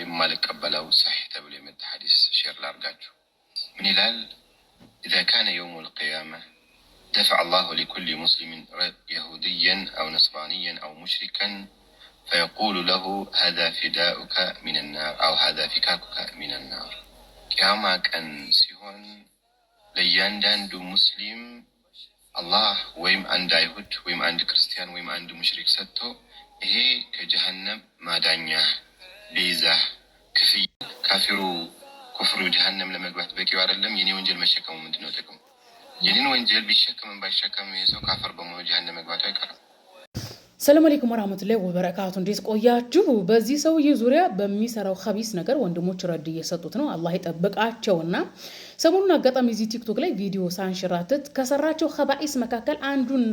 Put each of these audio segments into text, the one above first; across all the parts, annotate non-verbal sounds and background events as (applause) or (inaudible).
የማልቀበለው ሰሒ ተብሎ የመጣ ሐዲስ ሼር ላርጋችሁ። ምን ይላል? ኢዛ ካነ የውም ልቅያማ ደፈዐ አላሁ ሊኩል ሙስሊሚን የሁድያን አው ነስራንያን አው ሙሽሪከን ፈየቁሉ ለሁ ሀዛ ፊዳኡከ ሚንናር አው ሀዛ ፊካኩከ ሚንናር። ቅያማ ቀን ሲሆን ለእያንዳንዱ ሙስሊም አላህ ወይም አንድ አይሁድ ወይም አንድ ክርስቲያን ወይም አንድ ሙሽሪክ ሰጥቶ ይሄ ከጀሃነም ማዳኛ ቤዛ ክፍያ ካፊሩ ኩፍሩ ጀሀነም ለመግባት በቂው አይደለም። የኔ ወንጀል መሸከሙ ምንድን ነው ጥቅሙ? የኔን ወንጀል ቢሸከምን ባይሸከም የሰው ካፈር በመሆኑ ጀሀነም መግባቱ አይቀርም። ሰላም አለይኩም ወራህመቱላሂ ወበረካቱ። እንዴት ቆያችሁ? በዚህ ሰውዬ ዙሪያ በሚሰራው ከቢስ ነገር ወንድሞች ረድ እየሰጡት ነው። አላህ ይጠብቃቸውና ሰሞኑን አጋጣሚ እዚህ ቲክቶክ ላይ ቪዲዮ ሳንሽራትት ከሰራቸው ከባኢስ መካከል አንዱን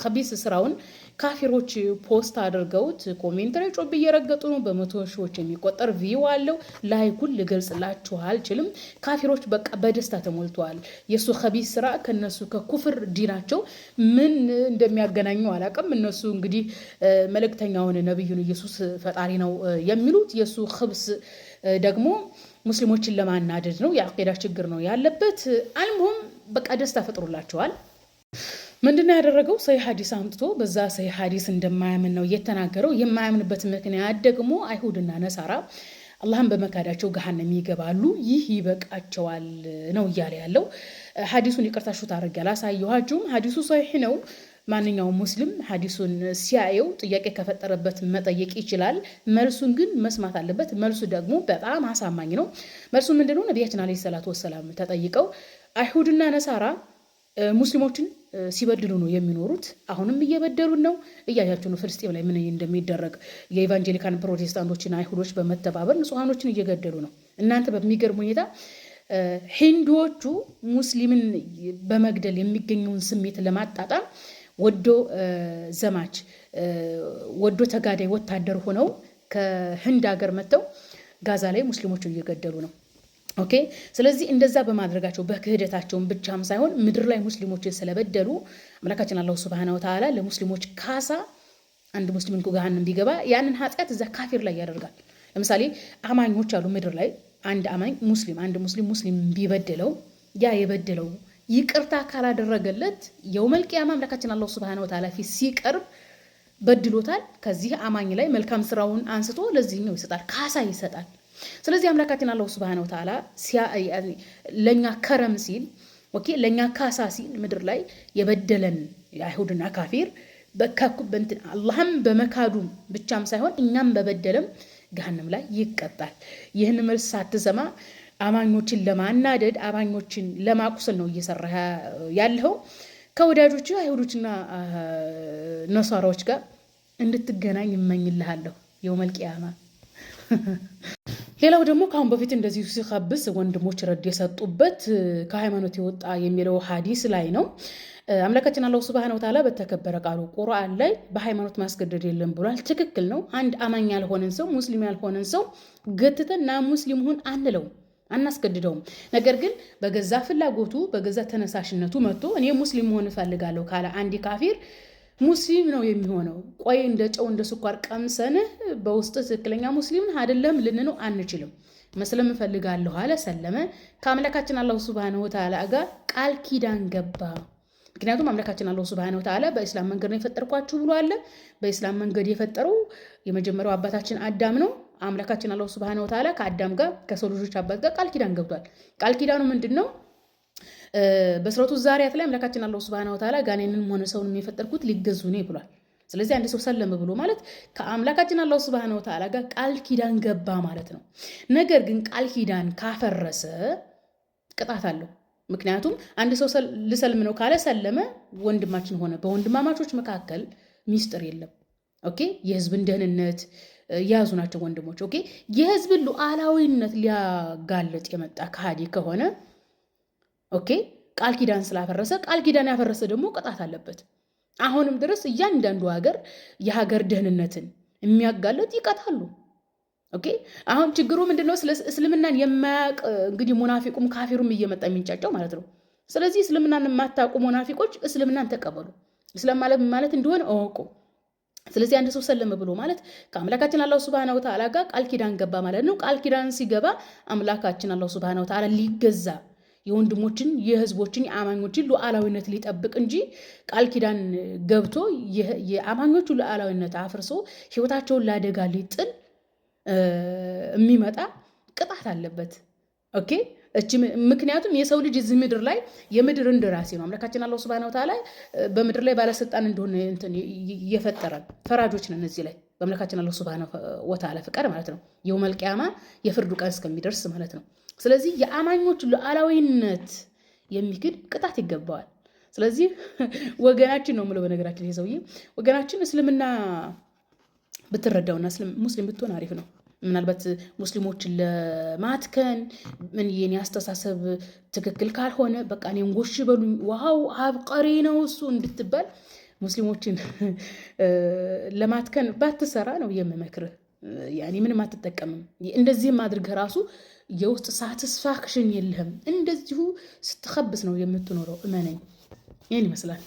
ከቢስ ስራውን ካፊሮች ፖስት አድርገውት ኮሜንት ላይ ጮብ እየረገጡ ነው። በመቶ ሺዎች የሚቆጠር ቪው አለው። ላይኩን ልገልጽላችሁ አልችልም። ካፊሮች በቃ በደስታ ተሞልተዋል። የእሱ ከቢስ ስራ ከነሱ ከኩፍር ዲናቸው ምን እንደሚያገናኙ አላውቅም እነሱ እንግዲህ መልእክተኛውን ነቢዩን ኢየሱስ ፈጣሪ ነው የሚሉት የእሱ ክብስ ደግሞ ሙስሊሞችን ለማናደድ ነው። የአቂዳ ችግር ነው ያለበት። አልሙም በቃ ደስታ ፈጥሮላቸዋል። ምንድነው ያደረገው? ሰይ ሀዲስ አምጥቶ በዛ ሰይ ሀዲስ እንደማያምን ነው እየተናገረው። የማያምንበት ምክንያት ደግሞ አይሁድና ነሳራ አላህን በመካዳቸው ገሃነም ይገባሉ፣ ይህ ይበቃቸዋል ነው እያለ ያለው። ሐዲሱን ይቅርታችሁ ታደረግ ያላሳየኋችሁም ሀዲሱ ሰሒህ ነው። ማንኛውም ሙስሊም ሀዲሱን ሲያየው ጥያቄ ከፈጠረበት መጠየቅ ይችላል። መልሱን ግን መስማት አለበት። መልሱ ደግሞ በጣም አሳማኝ ነው። መልሱ ምንድነው? ነቢያችን ዓለይሂ ሰላቱ ወሰላም ተጠይቀው አይሁድና ነሳራ ሙስሊሞችን ሲበድሉ ነው የሚኖሩት። አሁንም እየበደሉን ነው። እያያቸው ነው ፍልስጤም ላይ ምን እንደሚደረግ። የኢቫንጀሊካን ፕሮቴስታንቶችን አይሁዶች በመተባበር ንጹሐኖችን እየገደሉ ነው። እናንተ በሚገርም ሁኔታ ሂንዱዎቹ ሙስሊምን በመግደል የሚገኘውን ስሜት ለማጣጣም ወዶ ዘማች ወዶ ተጋዳይ ወታደር ሆነው ከህንድ ሀገር መጥተው ጋዛ ላይ ሙስሊሞችን እየገደሉ ነው። ኦኬ ስለዚህ እንደዛ በማድረጋቸው በክህደታቸውን ብቻም ሳይሆን ምድር ላይ ሙስሊሞችን ስለበደሉ አምላካችን አላሁ ስብሃነ ወተዓላ ለሙስሊሞች ካሳ አንድ ሙስሊምን ገሃነም ቢገባ ያንን ኃጢአት እዛ ካፊር ላይ ያደርጋል። ለምሳሌ አማኞች አሉ ምድር ላይ አንድ አማኝ ሙስሊም አንድ ሙስሊም ሙስሊም ቢበድለው ያ የበደለው ይቅርታ ካላደረገለት የውመል ቂያማ አምላካችን አላሁ ስብሃነ ወተዓላ ፊት ሲቀርብ በድሎታል። ከዚህ አማኝ ላይ መልካም ስራውን አንስቶ ለዚህኛው ይሰጣል፣ ካሳ ይሰጣል። ስለዚህ አምላካችን አላሁ ስብሃነሁ ወተዓላ ለእኛ ከረም ሲል ኦኬ ለእኛ ካሳ ሲል ምድር ላይ የበደለን የአይሁድና ካፊር አላህም በመካዱም ብቻም ሳይሆን እኛም በበደለም ገሃነም ላይ ይቀጣል። ይህን መልስ ሳትሰማ አማኞችን ለማናደድ አማኞችን ለማቁሰል ነው እየሰራ ያለው። ከወዳጆች አይሁዶችና ነሷራዎች ጋር እንድትገናኝ ይመኝልሃለሁ የውመል ቂያማ (laughs) ሌላው ደግሞ ከአሁን በፊት እንደዚሁ ሲከብስ ወንድሞች ረድ የሰጡበት ከሃይማኖት የወጣ የሚለው ሀዲስ ላይ ነው። አምላካችን አላሁ ስብሐነ ወተዓላ በተከበረ ቃሉ ቁርአን ላይ በሃይማኖት ማስገደድ የለም ብሏል። ትክክል ነው። አንድ አማኝ ያልሆነን ሰው ሙስሊም ያልሆነን ሰው ገትተን ና ሙስሊም ሁን አንለው አናስገድደውም። ነገር ግን በገዛ ፍላጎቱ በገዛ ተነሳሽነቱ መጥቶ እኔ ሙስሊም መሆን እፈልጋለሁ ካለ አንድ ካፊር ሙስሊም ነው የሚሆነው። ቆይ እንደ ጨው እንደ ስኳር ቀምሰን በውስጥ ትክክለኛ ሙስሊም አይደለም ልንነው አንችልም። መስለም እፈልጋለሁ አለ፣ ሰለመ። ከአምላካችን አላሁ ስብሃነ ወተዓላ ጋር ቃል ኪዳን ገባ። ምክንያቱም አምላካችን አላሁ ስብሃነ ወተዓላ በእስላም መንገድ ነው የፈጠርኳችሁ ብሎ አለ። በእስላም መንገድ የፈጠረው የመጀመሪያው አባታችን አዳም ነው። አምላካችን አላሁ ስብሃነ ወተዓላ ከአዳም ጋር ከሰው ልጆች አባት ጋር ቃል ኪዳን ገብቷል። ቃል ኪዳኑ ምንድን ነው? በስረቱ ዛሪያት ላይ አምላካችን አላሁ ሱብሃነሁ ወተዓላ ጋኔንን ሆነ ሰውን የፈጠርኩት ሊገዙ ነው ብሏል። ስለዚህ አንድ ሰው ሰለም ብሎ ማለት ከአምላካችን አላሁ ሱብሃነሁ ወተዓላ ጋር ቃል ኪዳን ገባ ማለት ነው። ነገር ግን ቃል ኪዳን ካፈረሰ ቅጣት አለው። ምክንያቱም አንድ ሰው ልሰልም ነው ካለ ሰለመ፣ ወንድማችን ሆነ። በወንድማማቾች መካከል ሚስጥር የለም። ኦኬ የህዝብን ደህንነት የያዙ ናቸው ወንድሞች። ኦኬ የህዝብን ሉዓላዊነት ሊያጋልጥ የመጣ ከሃዲ ከሆነ ኦኬ ቃል ኪዳን ስላፈረሰ ቃል ኪዳን ያፈረሰ ደግሞ ቅጣት አለበት። አሁንም ድረስ እያንዳንዱ ሀገር የሀገር ደህንነትን የሚያጋለጥ ይቀጣሉ። ኦኬ አሁን ችግሩ ምንድነው እስልምናን የማያውቅ እንግዲህ ሙናፊቁም ካፊሩም እየመጣ የሚንጫጫው ማለት ነው። ስለዚህ እስልምናን የማታውቁ ሙናፊቆች እስልምናን ተቀበሉ፣ እስላም ማለት እንደሆነ እወቁ። ስለዚህ አንድ ሰው ሰለመ ብሎ ማለት ከአምላካችን አላሁ ስብሐነሁ ወተዓላ ጋር ቃል ኪዳን ገባ ማለት ነው። ቃል ኪዳን ሲገባ አምላካችን አላሁ ስብሐነሁ ወተዓላ ሊገዛ የወንድሞችን የህዝቦችን የአማኞችን ሉዓላዊነት ሊጠብቅ እንጂ ቃል ኪዳን ገብቶ የአማኞቹ ሉዓላዊነት አፍርሶ ህይወታቸውን ለአደጋ ሊጥል የሚመጣ ቅጣት አለበት። ኦኬ እቺ ምክንያቱም የሰው ልጅ እዚህ ምድር ላይ የምድር እንደራሴ ነው። አምላካችን አላሁ ስብሃነ ወተዓላ በምድር ላይ ባለስልጣን እንደሆነ የፈጠረን ፈራጆች ነን። እዚህ ላይ በአምላካችን አላሁ ስብሃነ ወተዓላ ፍቃድ ማለት ነው። የውመል ቂያማ የፍርዱ ቀን እስከሚደርስ ማለት ነው። ስለዚህ የአማኞች ሉዓላዊነት የሚክድ ቅጣት ይገባዋል። ስለዚህ (laughs) ወገናችን ነው የምለው። በነገራችን ይሄ ሰውዬ ወገናችን እስልምና ብትረዳውና ሙስሊም ብትሆን አሪፍ ነው። ምናልባት ሙስሊሞችን ለማትከን ምን የኔ አስተሳሰብ ትክክል ካልሆነ በቃ እኔን ጎሽ በሉኝ፣ አብቀሪ ነው እሱ እንድትባል ሙስሊሞችን (laughs) ለማትከን ባትሰራ ነው የምመክርህ። ያኔ ምንም አትጠቀምም። እንደዚህም አድርገህ ራሱ የውስጥ ሳትስፋክሽን የለህም። እንደዚሁ ስትከብስ ነው የምትኖረው። እመነኝ። ይህን ይመስላል።